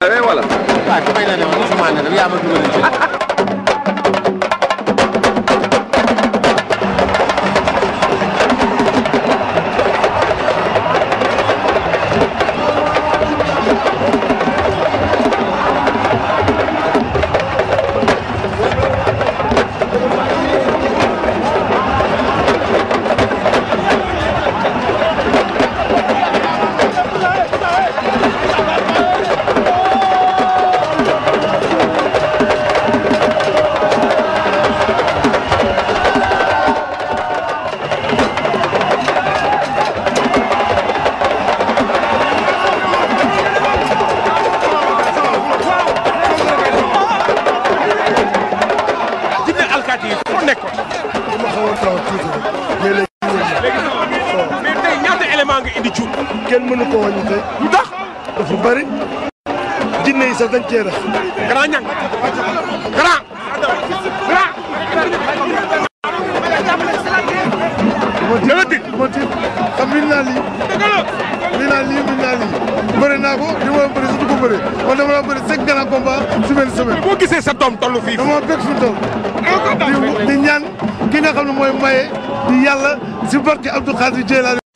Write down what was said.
waaw voilà. waaw dafay la ne woon Ousmane ne yaa ma dugal ci. mbaa nga indi cuub. kenn mënu ko wàññi tey. lu tax dafa bëri. jinne yi sax dañ cee def. grand ñang grand. grand. dama xam mën naa lii. mën naa lii mën naa lii. bëri naa ko li ma la bëri surtout bu bëri man dama la bëri cinq grands combats semaine semaine. gisee sa doom tollu fii. dama bëgg suñu doom. di ñaan ki xam ne mooy maye di si barke Abdou Khadir Jeylaani